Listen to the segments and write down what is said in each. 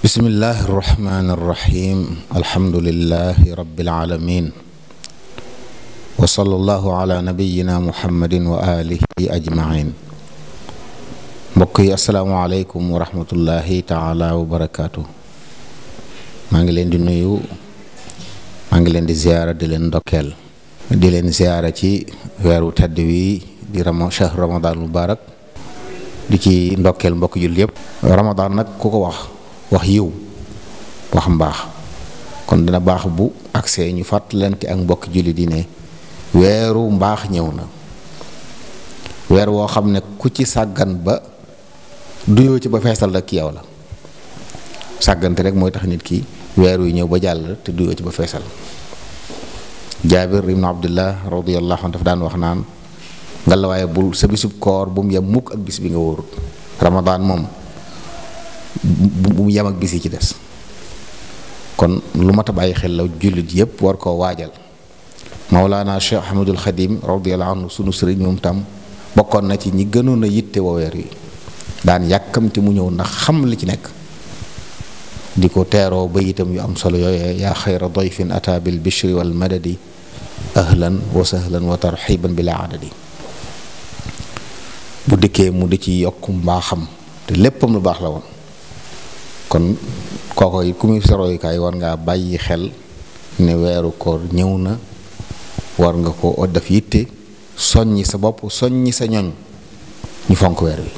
bismillahi irrahmani irrahim alhamdulilahi rabilalamin wa sala allahu nabiyina muhammadin wa alihi ajmain mbokk yi asalaamualeykum wa rahmatullahi taala wa barakaatu maa ngi leen di nuyu maa ngi leen di ziyaara di ndokkeel di leen ziyaara ci weeru tedd wi di rama shahr ramadan mubarak ci ndokkeel mbokk jul yépp ramadan nag ku ko wax wax yiw wax mbaax kon dana baax bu agsee ñu fàttalante ak mbokk julli di ne weeru mbaax ñëw na weer woo xam ne ku ci sàggan ba duyoo ci ba feesal rek yow la sàggante rek mooy tax nit ki weer yu ñëw ba jàll te duyoo ci ba feesal jaabir ibnu abdullah radiallahu anhu dafa daan wax naan nga waaye bul sa bisub koor bu mu yem mukk ak bis bi nga wóorut ramadaan moom bu mu yem ak bis yi ci des kon lu mat bàyyi xel la jullit yépp war koo waajal Mawlaana Cheikh Ahmadul Xadim radiyallahu anhu sunu sëriñ moom tam bokkoon na ci ñi gënoon a yitte wooweer yi daan yàkkamti mu ñëw ndax xam li ci nekk di ko teeroo ba itam yu am solo yooyee yaa xayra dayfin ata bil bishri wal madadi ahlan wa sahlan wa tarxiban bila adadi bu dikkee mu di ci yokk mbaaxam te léppam lu baax la woon kon kooko it ku muy sa war ngaa bàyyi xel ne weeru koor ñëw na war nga ko def yitte soññi sa bopp soññi sa ñoñ ñu fonk weer wi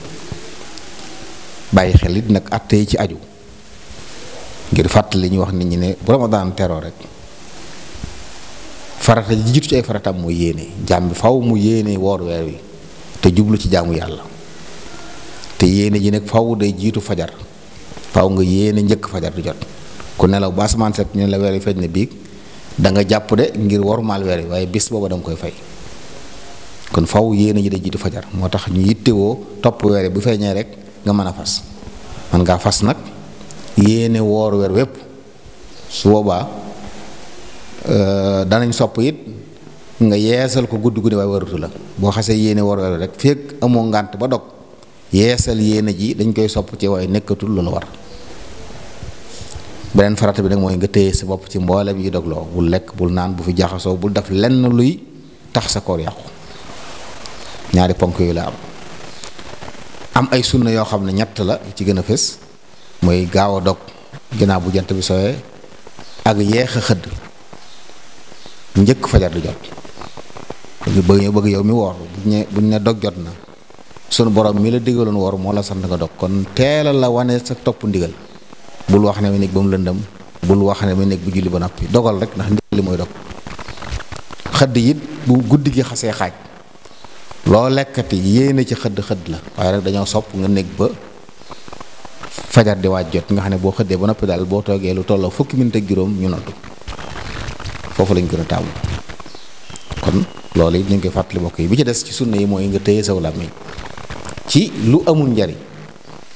bàyyi xel it nag atte ci aju ngir fàttali ñu wax nit ñi ne bu ramadaan teroo rek farata ji jiitu ci ay faratam mooy yéene jaam bi faw mu yéene woor weer wi te jublu ci jaamu yàlla te yéene ji nag faw day jiitu fajar faaw nga yéene njëkk fajar di jot ku nelaw ba asamaan set ñu ne la weer yi feeñ na biig da nga jàpp de ngir wormaal weer yi waaye bis booba da koy fay kon faw yéene ji da fajar moo tax ñu yittewoo topp weer bu feeñee rek nga mën a fas man fas nag yéene woor weer wépp su boobaa euh, danañ sopp yit nga yeesal ko gudd guddi waaye warutu la boo xasee yéene woor weer rek fekk amoo ngànt ba dog yeesal yéene ji dañ koy sopp ci waaye nekkatul loolu war beneen farata bi nag mooy nga téye sa bopp ci mboolem yi dogloo bul lekk bul naan bu fi jaxasoo bul def lenn luy tax sa koor yàqu ñaari ponk yooyu la am am ay sunna yoo xam ne ñett la ci gën a fes mooy gaaw a dog ginnaaw bu jant bi sowee ak yeex a xëdd njëkk fajar di jot ñu ñu bëgg yow mi woor buñ ne dog jot na sunu borom mi la digaloon woor moo la sant nga dog kon teelal la wane sa topp ndigal bul wax ne ma nekk ba mu lëndëm bul wax ne ma nekk bu julli ba noppi dogal rek ndax ndigal li mooy dog xëdd it bu guddi gi xasee xaaj loo lekkati yéene ci xëdd xëdd la waaye nag dañoo sopp nga néeg ba fajar di waaj jot nga xam ne boo xëddee ba noppi daal boo toogee lu tolloo fukki minute ak juróom ñu noddu foofu lañ gën a taamu kon loolu it ñu koy fàttali mbokk yi bi ci des ci sunna yi mooy nga téye saw làmmiñ ci lu amul njariñ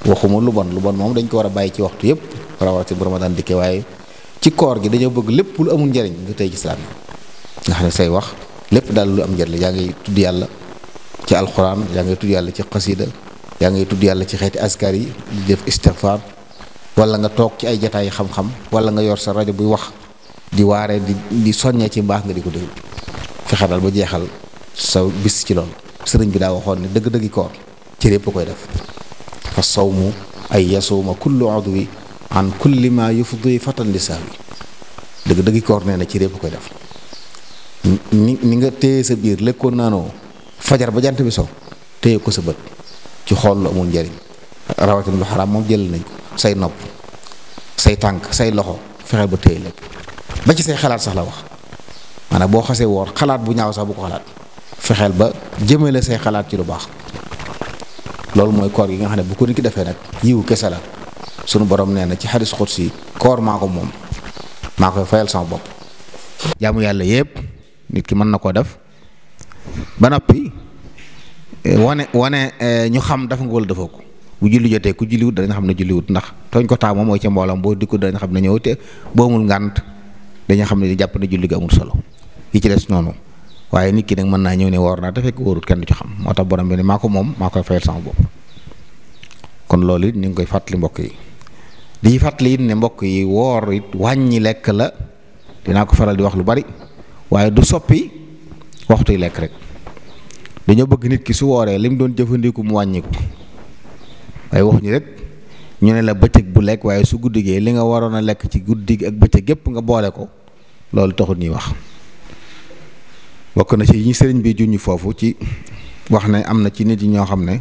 waxuma lu bon lu moom dañ ko war a bàyyi ci waxtu yépp rawati bu ramadan dikkee waaye ci koor gi dañoo bëgg lépp lu amul njariñ nga tey ci islaam yi nga xam ne say wax lépp daal lu am njariñ yaa ngay tudd yàlla ci alxuraan yaa ngay tudd yàlla ci xasida yaa ngay tudd yàlla ci xeeti askar yi di def istigfaar wala nga toog ci ay jataay xam-xam wala nga yor sa rajo buy wax di waare di di soññee ci mbaax nga di ko déglu fexe daal ba jeexal sa bis ci lool sëriñ bi daa waxoon ne dëgg-dëggi koor ci répp koy def fa sawmu ay yasuuma an kulli fu yufdi fatan li saawi dëgg dëgg koor nee na ci répp koy def ni ni nga téye sa biir lekkoon naanoo fajar ba jant bi so téye ko sa bët ci xool lu amul njariñ rawatina lu xaraam moom jël nañ ko say nopp say tànk say loxo fexeel ba téye lépp ba ci say xalaat sax la wax maanaam boo xasee woor xalaat bu ñaaw sax bu ko xalaat fexeel ba jëmale say xalaat ci lu baax loolu mooy koor gi nga xam ne bu ko nit ki defee nag yiwu kese la sunu borom nee na ci xadis xudsi yi koor maa ko moom maa koy fayal sama bopp. jaamu yàlla yépp nit ki mën na koo def ba noppi eh, wane wane eh, ñu xam dafa nga wala defoo ko bu julli jotee ku julliwut danañ xam ne julliwut ndax tooñ ko taamu mooy ca mbooloom boo dikku danañ xam ne ñëw te boo amul ngànt xam ne di jàpp ne julli amul solo yi ci des noonu waaye nit ki nag mën naa ñëw ne woor naa te fekk wóorut kenn du xam moo tax borom bi ne maa ko moom maa koy fayal sama bopp kon loolu it ñu ngi koy fàttali mbokk yi. di fàttali it ne mbokk yi woor it wàññi lekk la dinaa ko faral di wax lu bari waaye du soppi waxtuy lekk rek dañoo bëgg nit ki su wooree li mu doon jëfandiku mu wàññiku waaye wax ñu rek ñu ne la bëccëg bu lekk waaye su guddigee li nga waroon a lekk ci guddi ak bëccëg gépp nga boole ko loolu taxul ñuy wax bokk na ci yi sëriñ bi juñu foofu ci wax ne am na ci nit yi ñoo xam ne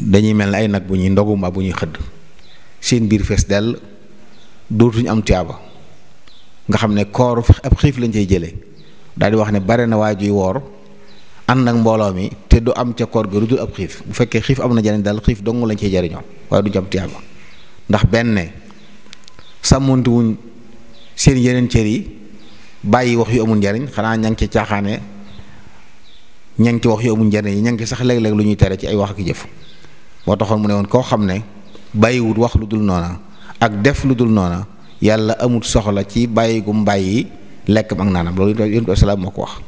dañuy mel ne ay nag bu ñuy ndogu mbaa bu ñuy xëdd seen biir fees dell dootuñu am tiyaaba nga xam ne koor ab xiif lañ cay jëlee daal di wax ne bare na waa juy woor ànd ak mbooloo mi te du am ca koor ga lu dul ab xiif bu fekkee xiif am na jariñ daal xiif dong lañ cay jariñoo waaye duñ ci am tiyaaba ndax benn sàmmonte wuñ seen yeneen cër yi bàyyi wax yu amul njariñ xanaa ña ngi ci caaxaane ña ngi ci wax yu amul njariñ ña ngi ci sax léeg-léeg lu ñuy tere ci ay wax ak jëf moo taxoon mu ne woon koo xam ne bàyyiwut wax lu dul noona ak def lu dul noona yàlla amul soxla ci bàyyi gum bàyyi lekkam ak naanam loolu yonent bi salaam moo ko wax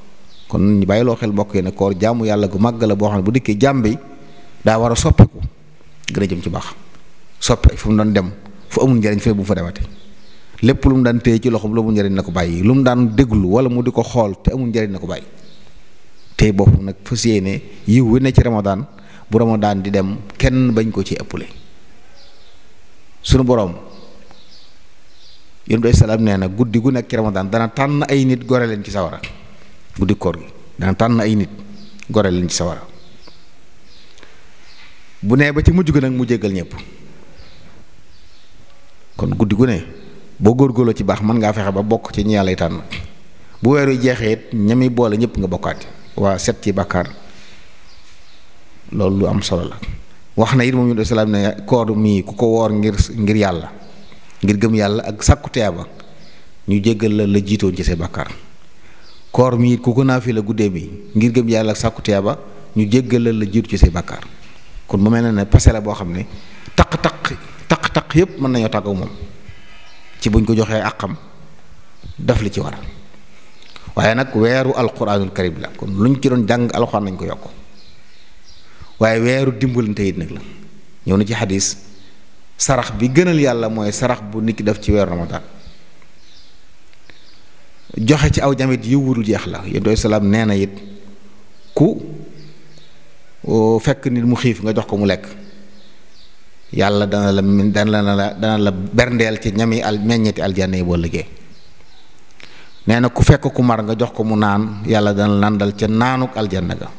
kon ñu bàyyi loo xel mbokk yi ne koor jaamu yàlla gu màgg la boo xam ne bu dikkee jàmm bi daa war a soppiku gën a jëm ci baax soppi fu mu doon dem fu amul njariñ fee bu mu fa demate lépp lu mu daan téye ci loxoom lu amul njariñ na ko bàyyi lu mu daan déglu wala mu di ko xool te amul njariñ na ko bàyyi tey boppam nag fas yéene yiw wi ne ci Ramadan bu Ramadan di dem kenn bañ ko ci ëppale sunu boroom yonent bi salaam nee na guddi gu nekk ci ramadaan dana tànn ay nit gore leen ci sawara guddi koor gi dana tànn ay nit gore leen ci sawara bu nee ba ci mujj gi nag mu jéggal ñëpp kon guddi gu ne boo góorgóorloo ci baax mën ngaa fexe ba bokk ci ñi yàlla tànn bu weeru jeexee it ñami boole ñëpp nga bokkaat waa set ci bàkkaar loolu lu am solo la wax na it moom yonent salaam ne koor mii ku ko woor ngir ngir yàlla ngir gëm yàlla ak sàkku teeba ñu jéggal la la jiitoon ci say bàkkaar koor mii ku ko naafi la guddee bi ngir gëm yàlla ak sàkku teeba ñu jéggal la jiitu ci say bàkkaar kon mu mel na ne passé la boo xam ne taq-taq taq-taq yépp mën nañoo tàggaw moom ci buñ ko joxee àqam daf li ci war waaye nag weeru alquranul karim la kon luñ ci doon jàng alxuraan nañ ko yokk waaye weeru dimbalante it nag la ñëw na ci xadis sarax bi gënal yàlla mooy sarax bu nit ki def ci weeru ramadaan joxe ci aw jamit yi wuru jeex la yonent bi salaam nee na it ku fekk nit mu xiif nga jox ko mu lekk yàlla dana la dana la dana la berndeel ci ñami al meññeti yi boo liggéey nee na ku fekk ku mar nga jox ko mu naan yàlla dana la nàndal ca naanuk aljanna ga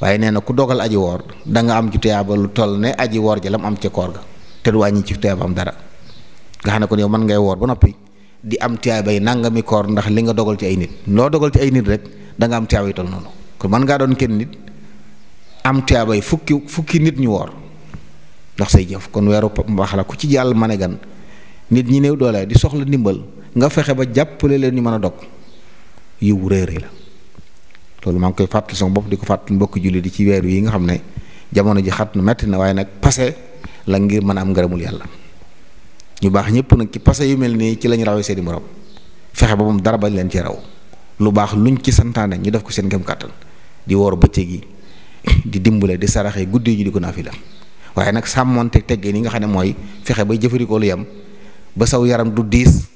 waaye nee na ku dogal aji woor danga nga am ci tuyaaba lu toll ne aji woor ji la mu am ca koor ga te du wàññi ci tuyaaba am dara nga xam ne kon yow man ngay woor ba noppi di am tuyaaba yi nangami koor ndax li nga dogal ci ay nit loo dogal ci ay nit rek danga am tuyaaba yi toll noonu kon mën ngaa doon kenn nit am tuyaaba yi fukki fukki nit ñu woor ndax say jëf kon weeru wax la ku ci jàll ma a gan nit ñi néew doole di soxla ndimbal nga fexe ba jàppale leen ñu mën a dog yiw réere loolu maa ngi koy fàttali sama bopp di ko fàttali mbokki jullit di ci weer yi nga xam ne jamono ji xat na metti na waaye nag passé la ngir mën a am ngërëmul yàlla ñu baax ñëpp nag ci passé yu mel nii ci lañu rawee seeni morom fexe ba moom dara bañ leen ci raw lu baax luñ ci santaane ñu def ko seen ngëm kàttan di woor bëccëg yi di dimbale di saraxee guddi yi ñu di ko la waaye nag sàmmoonte teggee ni nga xam ne mooy fexe bay jëfandikoo lu yem ba saw yaram du diis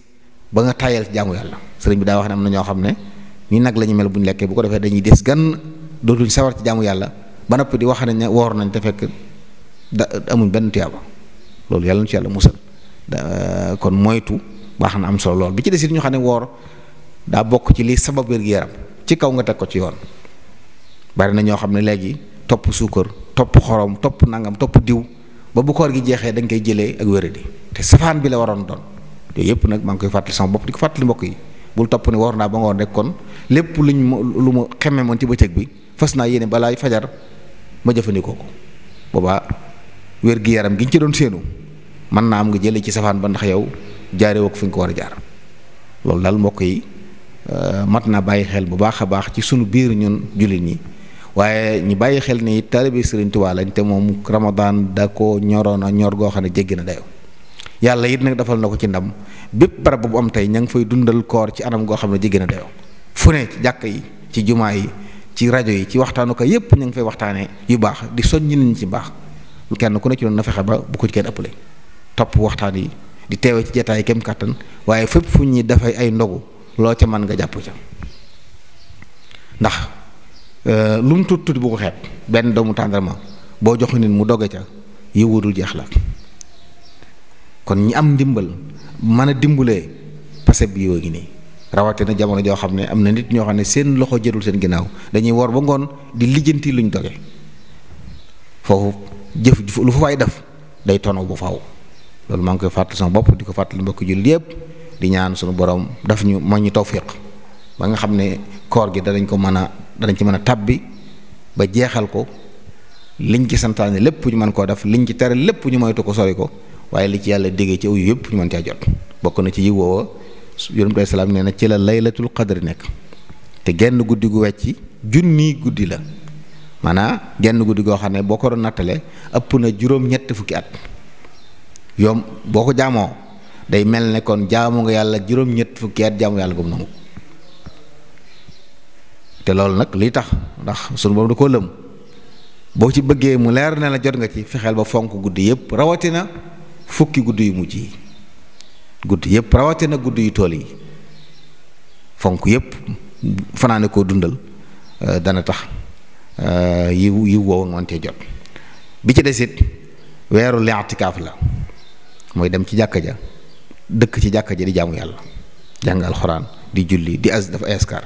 ba nga tayal jaamu yàlla bi daa wax ne na ñoo xam ne nii nag la ñu mel bu ñu lekkee bu ko defee dañuy des gan dootuñ sawar ci jaamu yàlla ba noppi di wax nañ ne woor nañ te fekk da amuñ benn tuyaaba loolu yàlla na ci yàlla musal da kon moytu baax na am solo lool bi ci des it ñu xam ne woor daa bokk ci li sabab wér-gu-yaram ci kaw nga teg ko ci yoon bari na ñoo xam ne léegi topp suukar topp xorom topp nangam topp diw ba bu koor gi jeexee dañ koy jëlee ak wéradi te safaan bi la waroon doon yooyu yëpp nag maa ngi koy fàttali sama bopp fàttali mbokk yi. bul topp ni war naa ba nga ngoon rek kon lépp luñ ma lu mu xeme moon ci bëccëg bi fas naa yéene balaay fajar ma jëfandikoo ko boobaa wér-gi-yaram gi ci doon séenu mën naa am nga jële ci safaan ba ndax yow jaaree ko fi ñu ko war a jaar loolu daal mbokk yi euh, mat naa bàyyi xel bu baax a baax ci sunu biir ñun jullit ñi waaye ñu bàyyi xel ni taalibe Sëriñ Tuubaa lañ te moom Ramadan da ko ñoroon a ñor goo xam ne jéggi na dayoo yàlla it nag defal na ko ci ndam bépp barab bu am tey ña ngi fay dundal koor ci anam goo xam ne ji gën a fu ne jàkk yi ci jumaa yi ci rajo yi ci waxtaanu ko yépp ñu ngi fay waxtaanee yu baax di soññ nañ ci baax kenn ku ne ci doon na fexe ba bu ko ci kenn topp waxtaan yi di teewe ci jataay kem kàttan waaye fépp fu ñi dafay ay ndogu loo ca mën nga jàpp ca ndax euh, lu mu tuut tuuti benn doomu tàndarma boo jox nit mu dogge ca yi wóorul jeex la kon ñi am ndimbal man a dimbalee pase bi yoo ngi nii rawatina jamono joo xam ne am na nit ñoo xam ne seen loxo jëlul seen ginnaaw dañuy war ba ngoon di lijjanti luñ doge foofu jëf lu fa fay def day tonaw bu faw loolu maa ngi koy fàttali sama bopp di ko fàttali mbokk jullit yépp di ñaan suñu boroom daf ñu ma ñu tawfiq ba nga xam ne koor gi danañ ko mën a danañ ci mën a tàbbi ba jeexal ko liñ ci santaane lépp ñu mën koo def liñ ci tere lépp ñu moytu ko sori ko waaye li ci yàlla déggee ci yu yëpp ñu mën caa jot bokk na ci yi woowa yonent bi salaam nee na ci la laylatul qadri nekk te genn guddi gu wecc junni guddi la maanaam genn guddi goo xam ne boo ko doon nattale ëpp na juróom-ñett fukki at yoom boo ko jaamoo day mel ne kon jaamu nga yàlla juróom-ñett fukki at jaamu yàlla gum nangu te loolu nag liy tax ndax sunu boobu da koo lëm boo ci bëggee mu leer ne la jot nga ci fexeel ba fonk guddi yëpp rawatina. fukki guddi yu mujj yi gudd yépp na gudd yu tool yi fonk yépp fanaane koo dundal euh, dana tax euh, yiw yiw woowu nga wante jot bi ci desit weeru li'tikaaf la mooy dem ci jàkka ja dëkk ci jàkka ja di jaamu yàlla jàng alxuraan di julli di as dafa askar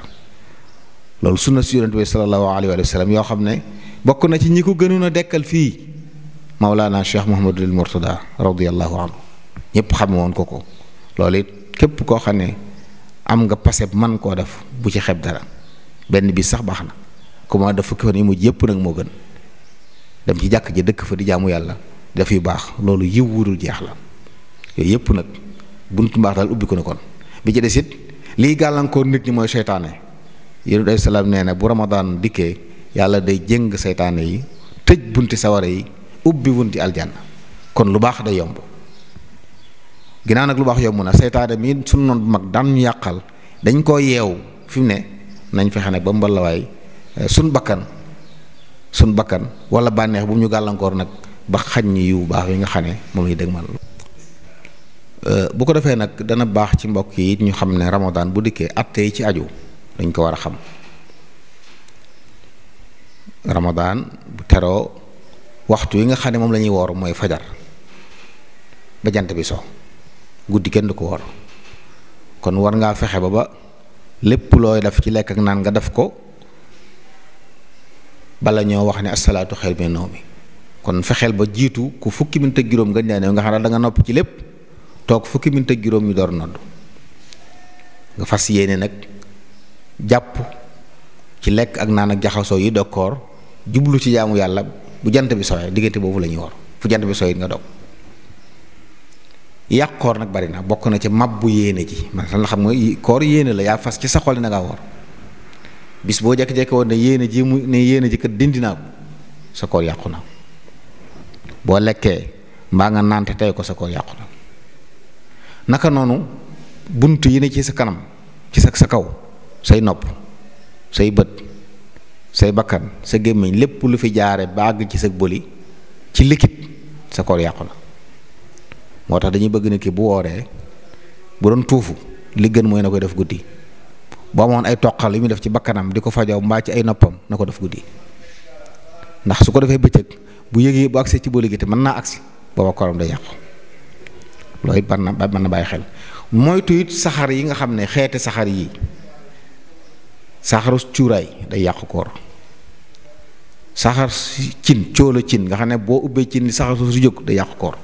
loolu sunna si yonent bi sallallahu alayhi wa sallam yoo xam ne bokk na ci ñi ko gënoon a dekkal fii Mawlana Cheikh Mouhamadul Mourtada radiyallahu anhu ñëpp xame woon ko ko loolu it képp koo xam ne am nga paseb man koo def bu ci xeb dara benn bi sax baax na comment def fukki yi mujj yëpp nag moo gën dem ci jàkk ji dëkk fa di jaamu yàlla def yu baax loolu yiw wudul jeex la yooyu yëpp nag buntu mbaax daal ubbi ko na kon bi ci des it liy gàllankoor nit ñi mooy seytaane yonent bi salaam nee na bu ramadaan dikkee yàlla day jëng seytaane yi tëj bunti sawara yi ubbi wunti aljanna kon lu baax day yomb ginnaaw nag lu baax yomb na seytaane mii suñ noon bu mag daan ñu yàqal dañ koo yeew fi mu ne nañ fexe nag ba mbalawaay eh, suñ bakkan suñ bakkan walla bànneex bu mu ñu gàllankoor nag ba xañ ñi yu baax yi nga xam ne moom lañu dëgg man eh, bu ko defee nag dana baax ci mbokk yi ñu xam ne ramadan bu dikkee atte yi ci aju dañ ko war a xam ramadan bu teroo waxtu yi nga xam ne moom la ñuy woor mooy fajar bajant bi so guddi kenn du ko woor kon war ngaa fexe ba ba lépp looy def ci lekk ak naan nga def ko bala ñoo wax ne asalaatu xel mi noo mi kon fexeel ba jiitu ku fukki minute ak juróom nga ne nga xam ne da nga nopp ci lépp toog fukki minute ak juróom ñu door nodd nga fas yéene nag jàpp ci lekk ak naan ak jaxasoo yi dokkoor jublu ci jaamu yàlla. bu jant bi sooyee diggante boobu la ñuy war fu jant bi sooy it nga dog yàq koor nag bari na bokk na ci mabbu yéene ji man la xam nga koor yéene la yaa fas ci sa xol na ngaa war bis boo jékki-jékki woon ne yéene ji mu ne yéene ji kat dindi naa ko sa koor yàqu na boo lekkee mbaa nga naan te tey ko sa koor yàqu na naka noonu bunt yi ne ci sa kanam ci sa sa kaw say nopp say bët say bakkan sa gémmiñ lépp lu fi jaare ba àgg ci sa bëli ci likit sa koor yàqu na moo tax dañuy bëgg na ki bu wooree bu doon tuufu li gën mooy na koy def guddi boo amoon ay toqal yu muy def ci bakkanam di ko fajoo mbaa ci ay noppam na ko def guddi ndax su ko defee bëccëg bu yëgee bu agsee ci bëli gi te mën naa agsi booba kooram day yàqu loolu it mën na mën bàyyi xel moytu it saxar yi nga xam ne xeeti saxaar yi saxaru cuuraay day yàqu koor saxar cin cóola cin nga xam ne boo ubbee cin li saxar su jóg da yàqu koor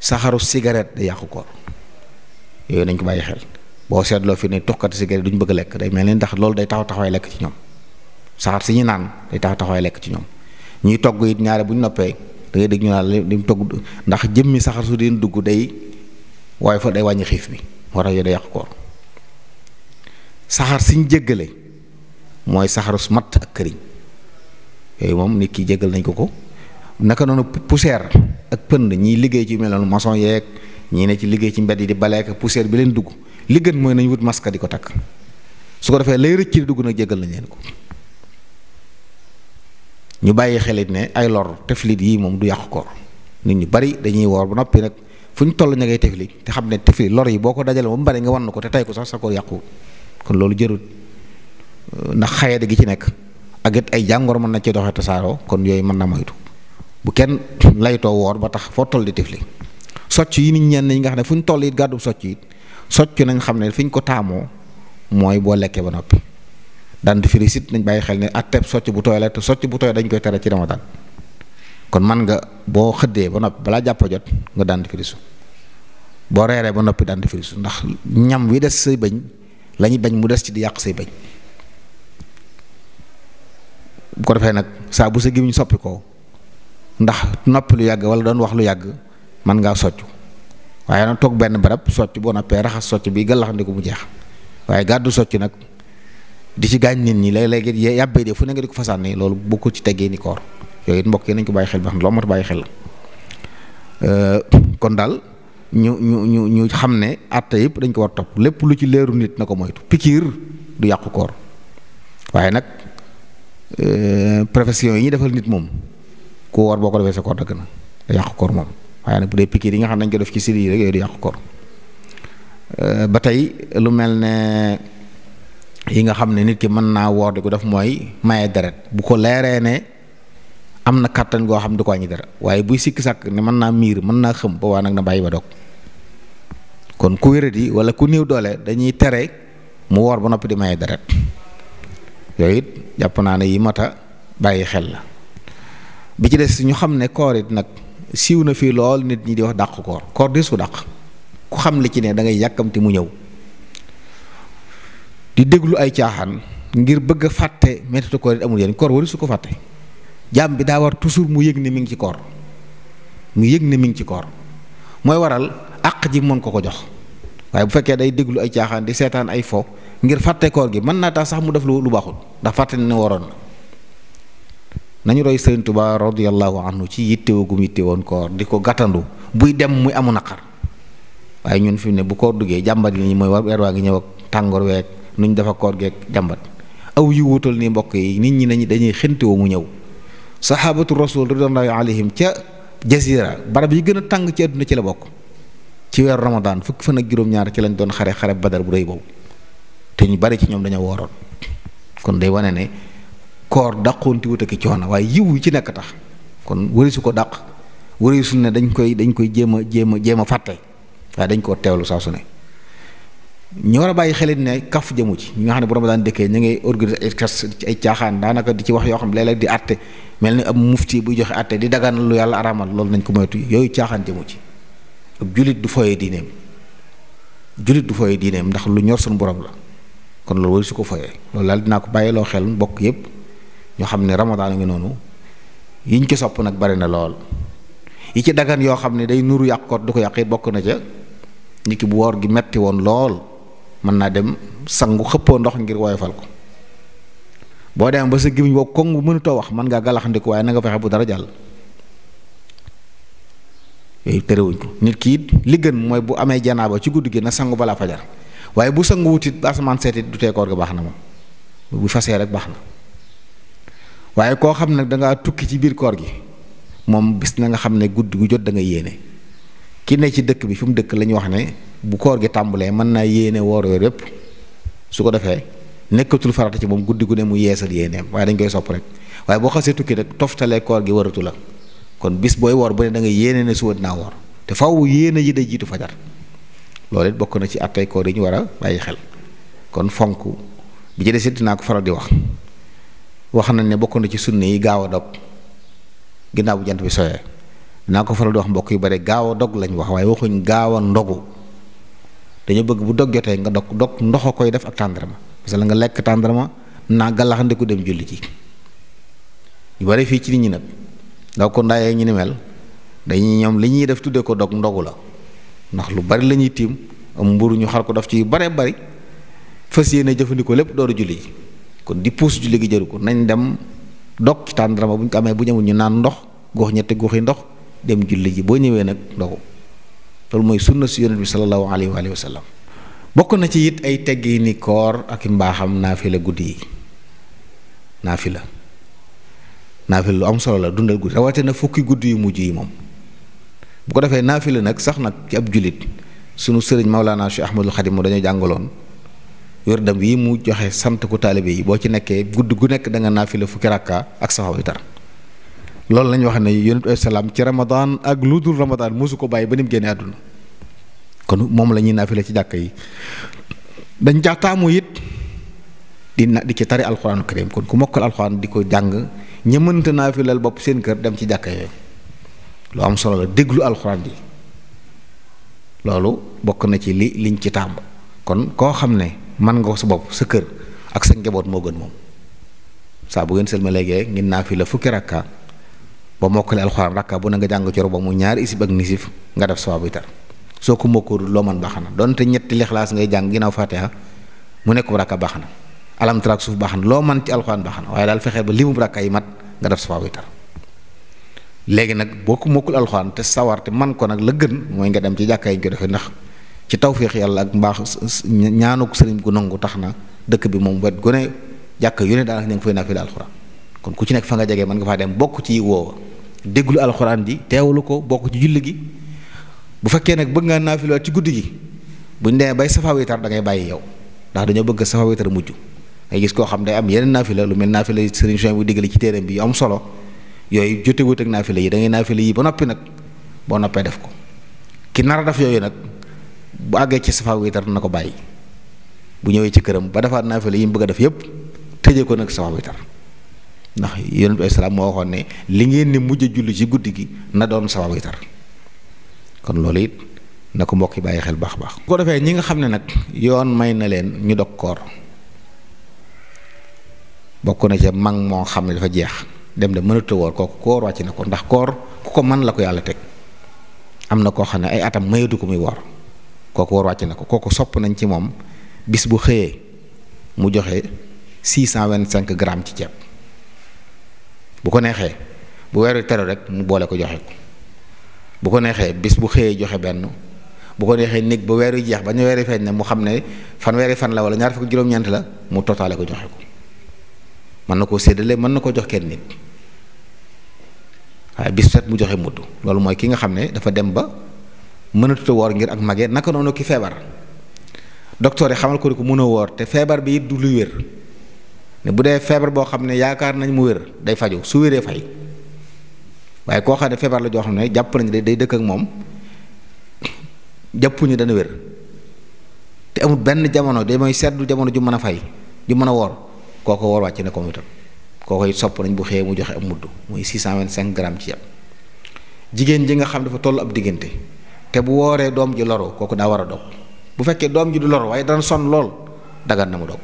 saxaaru cigarette da yàqu koor yooyu nañ ko bàyyi xel boo seetloo fi ne tuxkati cigarette duñu bëgg lekk day mel ni ndax loolu day taxaw taxawaay lekk ci ñoom saxaar si ñu naan day taxaw taxawaay lekk ci ñoom ñuy togg it ñaare bu ñu noppee da ngay dégg ñu naan lim togg ndax jëmmi saxar su deen dugg day waaye fa day wàññi xiif bi moo tax yooyu day yàqu koor saxar mooy saxarus matt ak këriñ yooyu moom nit ki jégal nañ ko ko naka noonu poussière ak pënd ñiy liggéey ci mel noonu maçon yeeg ñii ne ci liggéey ci mbedd yi di baleek poussière bi leen dugg li gën mooy nañ wut masque di ko takk su ko defee lay rëcc di dugg nag jégal nañ leen ko ñu bàyyi xelit ne ay lor teflit yii moom du yàqu koor nit ñu bari dañuy woor ba noppi nag fu ñu toll ña ngay teflit te xam ne teflit lor yi boo ko dajale moom bari nga wan na ko te tey ko sax sa koor yàqu kon loolu jërut ndax xayade gi ci nekk ak it ay jàngoro mën na ci doxee tasaaroo kon yooyu mën na moytu bu kenn laytoo woor ba tax foo toll di tifli socc yi nit ñenn ñi nga xam ne fu ñu toll it gàddu socc it socc nañ xam ne fi ñu ko taamoo mooy boo lekkee ba noppi daan di firisit nañ bàyyi xel ne atteb socc bu tooy la te socc bu tooy dañ koy tere ci ramadan kon man nga boo xëddee ba noppi balaa jàpp jot nga daan di firisu boo reeree ba noppi daan di firisu ndax ñam wi des say bañ lañuy bañ mu des ci di yàq say bañ bu ko defee nag saa bu sa gémmiñ soppi ko ndax noppi lu yàgg wala doon wax lu yàgg mën ngaa soccu waaye nag toog benn barab socc boo nappee raxas socc bii gàllaxandiku mu jeex waaye gàddu socc nag di ci gaañ nit ñi la léeg yàbbee de fu ne nga di ko fasaanee loolu bokkul ci teggee ni koor yooyu it mbokk yi nañ ko bàyyi xel ba xam ne loo mat kon daal ñu ñu ñu ñu xam ne àtte yëpp dañ ko war topp lépp lu ci leeru nit na ko moytu pikiir du yàqu koor waaye nag Euh, profession yi ñu defal nit moom ku woor boo ko defee sa koor dëgg na da yàqu koor moom waaye nag bu dee piqué yi nga xam ne dañ def ci siri yi rek yooyu euh, ba tey lu mel ne yi nga xam ne nit ki mën naa woor di ko def mooy maye deret bu ko leeree ne am na kàttan goo xam du ko wàññi dara waaye buy sikki sàkk ne mën naa miir mën naa xëm ba waa nag na bàyyi ba dog kon ku wéradi wala ku néew doole dañuy tere mu woor ba noppi di maye deret yooyu it jàpp naa ne yi mata bàyyi xel la bi ci des ñu xam ne koor it nag siiw na fii lool nit ñi di wax dàq koor koor di su dàq ku xam li ci ne da ngay yàkkamti mu ñëw di déglu ay caaxaan ngir bëgg a fàtte méttitu koor it amul yéen koor wari su ko fàtte jaam bi daa war toujours mu yëg ne mi ngi ci koor mu yëg ne mi ngi ci koor mooy waral àq ji mën ko ko jox waaye bu fekkee day déglu ay caaxaan di seetaan ay fo ngir fàtte koor gi mën naa tax sax mu def lu lu baaxul ndax fàtte ne waroon na nañu roy Sëriñ ba radiyallahu anhu ci yittewoo gum woon koor di ko gàttandu buy dem muy amu naqar waaye ñun fi ne bu koor duggee jàmbat yi mooy war weer waa ngi ñëw tàngoor week nu ñu dafa koor geek jàmbat aw yu wutal ni mbokk yi nit ñi nañu dañuy xentewoo mu ñëw sahabatu rasul ridwanulaahi alayhim ca jasira barab yi gën a tàng ci àdduna ci la bokk ci weeru Ramadan fukki fan ak juróom-ñaar ci lañ doon xare xare badar bu rëy boobu te ñu bari ci ñoom dañoo wooroon kon day wane ne koor dàqoonti wut ak coono waaye yiw yi ci nekk tax kon wërisu ko dàq wërisu ne dañ koy dañ koy jéem a jéem a jéem a fàtte waaye dañ koo teewlu saa su ne ñu war a bàyyi xelit ne kaf jëmu ci ñi nga xam ne bu Ramadan dëkkee ñu ngay organiser ay caaxaan daanaka di ci wax yoo xam ne léeg-léeg di àtte mel ni ab mufti buy joxe àtte di dagan lu yàlla araamal loolu nañ ko moytu yooyu caaxaan jëmu ci ab jullit du fooyee diineem jullit du fooyee diineem ndax lu ñor suñu borom la kon loolu su ko fooyee loolu daal dina ko bàyyiloo xel mbokk yépp ñu xam ne ramadaan a ngi noonu yiñ ci sopp nag bari na lool yi ci dagan yoo xam ne day nuru yàq koot du ko yàq bokk na ca nit bu woor gi metti woon lool mën naa dem sangu xëppoo ndox ngir woyofal ko boo demee ba sa gémmiñ boo koŋ bu mënutoo wax mën ngaa galaxandiku waaye na nga fexe bu dara jàll yooyu terewuñ ko nit ki li gën mooy bu amee janaaba ci guddi gi na sangu balaa fajar waaye bu sangu wutit ba asamaan seetit du koor gi baax na moom bu fasee rek baax na waaye koo xam ne dangaa tukki ci biir koor gi moom bis na nga xam ne guddi gu jot da nga yéene ki ne ci dëkk bi fi mu dëkk la ñu wax ne bu koor gi tàmbalee mën naa yéene woor weer yépp su ko defee nekkatul farata ci moom guddi gu ne mu yeesal yéeneem waaye dañ koy sopp rek waaye boo xasee tukki rek toftalee koor gi waratu la kon bis booy woor bu ne da nga yéene ne suba dinaa woor te faw yéene ji day jiitu fajar loolu it na ci attay koor yi ñu war a bàyyi xel kon fonk bi ci desit dinaa ko faral di wax wax nañ ne bokk na ci sunne yi gaaw a dog ginnaaw bu jant bi sooyee dinaa ko faral di wax mbokk yu bare gaaw a dog lañu wax waaye waxuñ gaaw a ndogu dañu bëgg bu dog jotee nga dog dog ndox a koy def ak tàndarma parce que nga lekk tàndarma naa gàllaxandiku dem julli ji yu bare fii ci nit nag ndax ko ndaayee ñu ni mel dañuy ñoom li ñuy def tudde ko dog ndogu la ndax lu bari lañuy tiim am mburu ñu xar ko daf ci bare bari fas yéene jëfandikoo lépp dooru julli ji kon di puus julli gi jëru ko nañ dem dog ci tàndarama bu ñu ko amee bu ñu ñu naan ndox gox ñetti goxi ndox dem julli ji boo ñëwee nag ndogu loolu mooy sunna si yonent bi sallallahu alayhi wa sallam bokk na ci it ay teggi ni koor ak mbaaxam naafila guddi yi naafila naafila lu am solo la dundal guddi na fukki guddi yu mujj yi moom bu ko defee naafila nag sax nag ci ab jullit sunu sëriñ Maulana Cheikh Ahmadul Xadim mu dañoo jàngaloon wérdam yi mu joxe sant ku taalibe boo ci nekkee gudd gu nekk da nga naafila fukki rakka ak safa witar loolu lañu wax ne yonent ay salaam ci ramadan ak lu dul ramadan mosu ko bàyyi ba ni mu génnee àdduna kon moom la ñuy naafila ci jàkka yi dañ jax taamu it di na di ci tari alxuraanu karim kon ku mokkal alxuraan di ko jàng ñëmante naa fi lal bopp seen kër dem ci jàkka yooyu am solo la déglu alxuraan ji loolu bokk na ci li liñ ci tàmb kon koo xam ne man nga ko sa bopp sa kër ak sa njaboot moo gën moom saa bu ngeen ma léegi ngeen naa fi la fukki rakka ba mokkale alxuraan rakka bu na nga jàng coro ba mu ñaari isib ak nisif nga def sawa bi tar soo ko mokkul loo man baax na donte ñetti lixlaas ngay jàng ginnaaw fatiha mu nekk bu baax na alam taraak suuf baax na loo man ci alxuraan baax na waaye daal fexeel ba limu rakka ay mat nga def safa witar léegi nag boo ko mokkul alxuraan te sawar te man ko nag la gën mooy nga dem ci jàkka yi ko defee ndax ci tawféex yàlla ak mbaax ñaanu ko sëriñ gu nangu tax na dëkk bi moom wet gone jàkka yu ne daanaka ñu ngi fay alxuraan kon ku ci nekk fa nga jege mën nga faa dem bokk ci woowa déglu alxuraan ji teewlu ko bokk ci julli gi bu fekkee nag bëgg nga naafila ci guddi gi buñ demee bay safa witar da ngay bàyyi yow ndax dañoo bëgg safa witar mujj ngay gis koo xam day am yeneen naafila lu mel naafila sëriñ Soin bu diggale ci téeram bi yu am solo yooyu jote wut ak naafila yi da ngay naafila yi ba noppi nag boo noppee def ko ki nar a def yooyu nag bu àggee ci safa witar na ko bàyyi bu ñëwee ci këram ba defaat naafila yi mu bëgg a def yépp tëjee ko nag safa witar ndax yonent bi ay salaam moo waxoon ne li ngeen ni mujj julli ci guddi gi na doon safa witar kon loolu it na ko mbokk yi bàyyi xel baax baax bu ko defee ñi nga xam ne nag yoon may na leen ñu dog koor bokk na ca mag moo xam ne dafa jeex dem de mënatu woor kooku koor wàcc na ko ndax koor ku ko mën la ko yàlla teg am na koo xam ne ay atam mayatu ko muy woor kooku woor wàcc na ko kooku sopp nañ ci moom bis bu xëyee mu joxe 625 grammes ci ceeb bu ko neexee bu weeru tero rek mu boole ko joxe ko bu ko neexee bis bu xëyee joxe benn bu ko neexee néeg ba weeru jeex ba ñu weeri feeñ ne mu xam ne fan weeri fan la wala ñaar fukk juróom-ñeent la mu totaale ko joxe ko mën na koo séddale mën na koo jox kenn nit waaye bis set mu joxe mudd loolu mooy ki nga xam ne dafa dem ba mënatuta woor ngir ak mage naka noonu ki feebar docteur yi xamal ko ni ko mënoo woor te feebar bi it du lu wér ne bu dee feebar boo xam ne yaakaar nañ mu wér day faju su wéree fay waaye koo xam ne feebar la joo xam ne jàpp nañ day dëkk ak moom jàppuñu dana wér te amul benn jamono day mooy seddu jamono ju mën a fay ju mën a woor kooko war wàcc ne ko moom itam kooko it sopp nañ bu xëyee mu joxe am mudd muy 625 grammes ci yàpp jigéen ji nga xam dafa toll ab diggante te bu wooree doom ji loru kooku daa war a dog bu fekkee doom ji du loro waaye dana sonn lool dagan na mu dog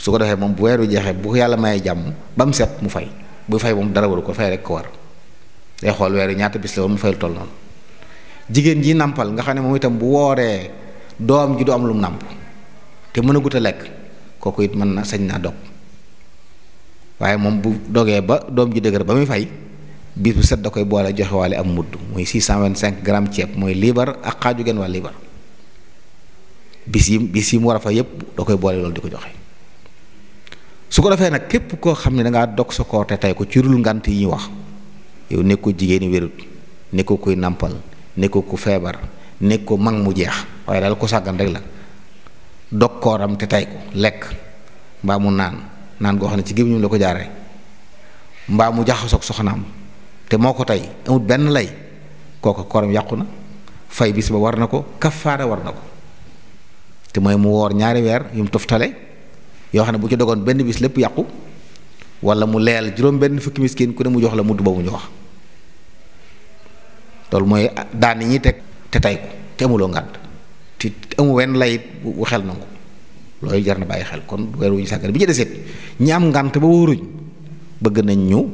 su ko defee moom bu weer jeexee bu yàlla mayee jàmm ba mu set mu fay bu fay moom dara waru ko fay rek ko war day xool weer ñaata bis la mu fayal toll noonu jigéen ji nàmpal nga xam ne moom itam bu wooree doom ji du am lu nàmp te mën a gut lekk kooku it mën na sañ naa dog waaye moom bu dogee ba doom ji dëgër ba muy fay bis bu set da koy boole joxewaale am mudd muy cinq gramme ceeb mooy liibar ak xaaju genn wàll liibar bis yi bis yi mu war a fa yépp da koy boole loolu di ko joxe su ko defee nag képp koo xam ne danga dog sa koor te tey ko ci rul ngant yi ñuy wax yow nekk ko jigéeni wérut nekk ko kuy nàmpal nekk ko ku feebar nekk ko mag mu jeex waaye daal ko sàggan rek la dog kooram te tay lekk mbaa mu naan naan goo xam ne ci gémmiñam la ko jaare mbaa mu jaxasoog soxnaam te moo ko tey amut benn lay kooka kooram yàqu na fay bis ba war na ko kafaara war na ko te mooy mu woor ñaari weer yu mu toftale yoo xam ne bu ci dogoon benn bis lépp yàqu wala mu leel juróom benn fukki miskin ku ne mu jox la mudd ba mu jox loolu mooy daan yi ñuy teg te tey ko te amuloo ngànt te amu wenn layit bu xel nangu loolu jar na bàyyi xel kon weer wu ñu sàggan bi ci deseet ñi am ngànt ba wóoruñ bëgg nañ ñu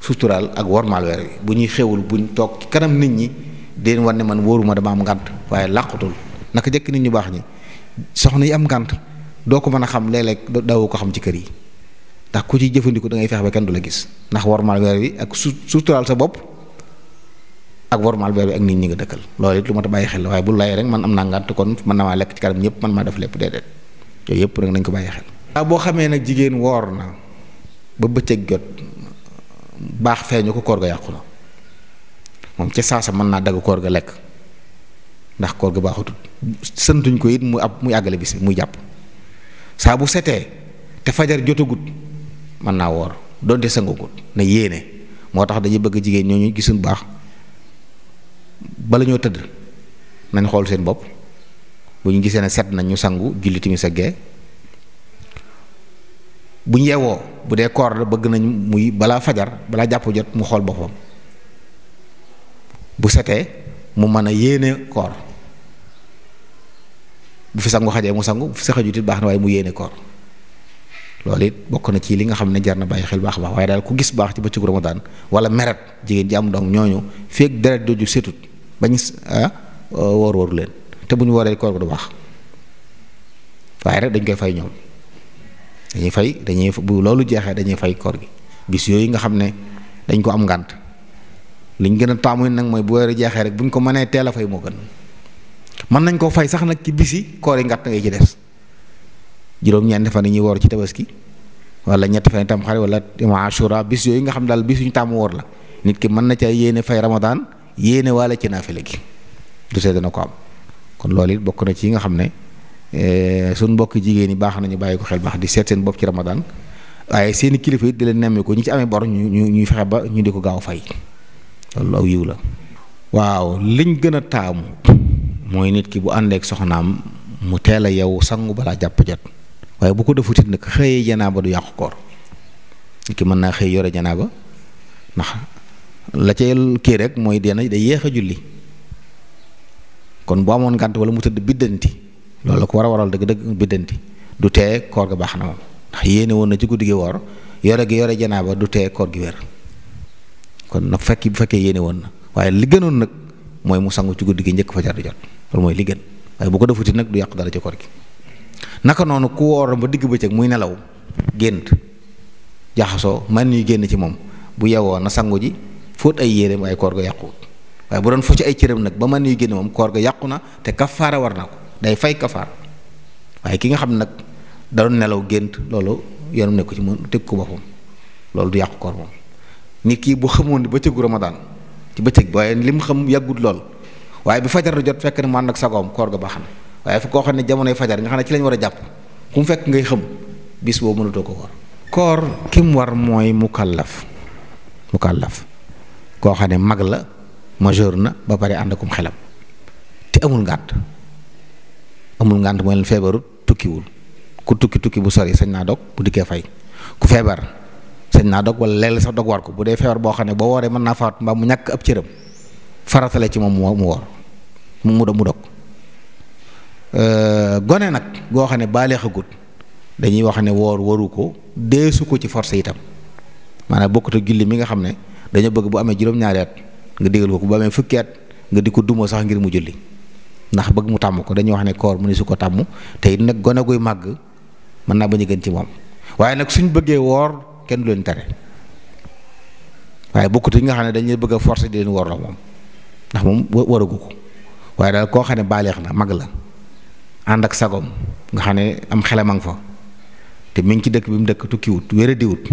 suturaal ak wormaal weer wi bu ñuy xewul buñ toog kanam nit ñi deen wan ne man wóoruma dama am ngànt waaye làqutul naka jëkk nit ñu baax ñi soxna yi am ngànt doo ko mën a xam léeg-léeg daawoo ko xam ci kër yi ndax ku ci jëfandiku da ngay fexe ba kenn du la gis ndax wormaal weer wi ak su suturaal sa bopp ak wormaal boobu ak nit ñi nga dëkkal loolu it lu mat a bàyyi xel la waaye bu lay rek man am naa ngànt kon mën na maa lekk ci kanam ñëpp man maa def lépp yooyu yëpp nag nañ ko bàyyi xel. boo xamee nag jigéen woor na ba bëccëg jot baax feeñu ko koor ga yàqu na moom ca sa mën naa dagg koor ga lekk ndax koor ga baaxatul sëntuñ ko it mu ab mu àggale bi si mu jàpp saa bu setee te fajar jotagut mën naa woor donte sangagut na yéene moo tax dañuy bëgg jigéen ñooñu gisuñ baax. bala ñoo tëdd nañ xool seen bopp bu ñu gisee ne set nañ ñu sangu julli timis ak gee bu ñu yeewoo bu dee koor la bëgg nañ muy balaa fajar balaa jàpp jot mu xool boppam bu setee mu man a yéene koor bu fi sangu xajee mu sangu bu fi sa xajut baax na waaye mu yéene koor loolu it bokk na ci li nga xam ne jar na bàyyi xel baax baax waaye daal ku gis baax ci bëccëgu Ramadan wala meret jigéen ji am doom ñooñu feek deret doju setut bañ a ah, euh, woor waru leen te bu ñu waree koor du baax waaye rek dañ koy fay ñoom dañuy fay dañuy bu loolu jeexee dañuy fay koor gi bis yooyu nga xam ne dañ ko am ngànt liñ gën a taamu nag mooy bu weeru jeexee rek buñ ko mënee teel a fay moo mën nañ koo fay sax nag ci bisi koor yi nga ngay ci des juróom-ñeenti fan ñuy woor ci tabaski wala ñetti fan tam xare wala ashura bis yooyu nga xam daal bis yu ñu taamu woor la nit ki mën na ca yéene fay Ramadan. yéene waale ci naafile gi du see dana ko am kon loolu it bokk na ci yi nga xam ne eh, suñ mbokk jigéen ñi baax nañu bàyyi ko xel baax di seet seen bopp ci Ramadan waaye seeni kilifa it di leen nemme ko ñi ci amee bor ñu ñu ñuy fexe ba ñu di ko gaaw fay loolu aw yiw la waaw liñ gën a taamu mooy nit ki bu àndeek soxnaam mu teel a yow sangu balaa jàpp waaye bu ko defutit nag xëyee janaaba du yàqu koor nit ki mën naa xëy yore janaaba ndax la cay kii rek mooy dina day yéex a julli kon bu amoon ngànt wala mu tëdd biddanti loolu la ko war a waral dëgg dëgg biddanti du tee koor ga baax na moom ndax yéene woon na ci guddi gi woor yore gi yore janaaba du tee koor gi wér kon na fekk bu fekkee yéene woon na waaye li gënoon nag mooy mu sangu ci guddi gi njëkk fajar di jot loolu mooy li gën waaye bu ko defuti nag du yàqu dara ci koor gi naka noonu ku woor ba digg bëccëg muy nelaw gént jaxasoo man ñuy génn ci moom bu yewoo na sangu ji fóot ay yéreem waaye koor ga yàquwut waaye bu doon fo ci ay cëram nag ba man yu génn moom koor ga yàqu na te kafaara war na ko day fay kafaar waaye ki nga xam nag da doon nelaw gént loolu yoonam ne ci moom teg ko boppam loolu du yàqu koor moom nit kii bu xamoon ni bëccëgu ramadaan ci bëccëg bi waaye li mu xam yàggut lool waaye bi fajar jot fekk ne mu ànd ak sagoom koor ga baax na waaye fu koo xam ne jamonoy fajar nga xam ne ci lañ war a jàpp ku mu fekk ngay xam bis boobu mënatoo ko war koor ki mu war mooy mukallaf mukallaf koo xam ne mag la majeur na ba pare ànd akum xelam te amul ngànt amul ngànt mooy leen feebarut tukkiwul ku tukki tukki bu sori sañ naa dog bu dikkee fay ku feebar sañ naa dog wala léeg sax dog war ko bu dee feebar boo xam ne boo wooree mën naa faat mbaa mu ñàkk ab cëram faratale ci moom mu woor mu mu mu dog euh, gone nag goo xam ne baaleexagut dañuy wax ne woor waru ko deesu ko ci force itam maanaam bokkut ak julli mi nga xam ne dañoo bëgg bu amee juróom-ñaari nga digal ko bu amee fukkeet nga di ko duma sax ngir mu julli ndax bëgg mu tàmm ko dañuy wax ne koor mu ne su ko tàmm tey it nag gone guy màgg mën naa bañ a gën ci moom waaye nag suñ bëggee woor kenn du leen waaye bokkut yi nga xam ne dañuy bëgg a forcer di leen woor moom ndax moom waragu ko waaye daal koo xam ne baleex na mag la ànd ak sagom nga xam ne am xelam a ngi fa te mi ngi ci dëkk bi mu dëkk tukkiwut wéra diwut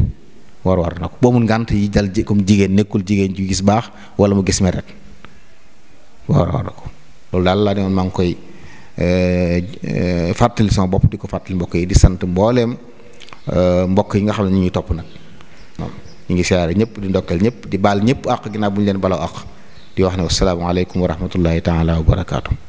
war war na ko boo mun ngànt yi dal comme jigéen nekkul jigéen ju gis baax wala mu gis meret war war na ko loolu daal laa ne woon maa ngi koy eh, eh, fàttali sama bopp di ko fàttali mbokk yi di sant mbooleem eh, mbokk yi nga xam ne ñu ngi topp nag ñu ngi siyaare ñëpp di ndokkeel ñëpp di baal ñëpp àq ginnaaw bu ñu leen baloo àq di wax ne wasalaamaaleykum wa rahmatullahi taala wa barakaatu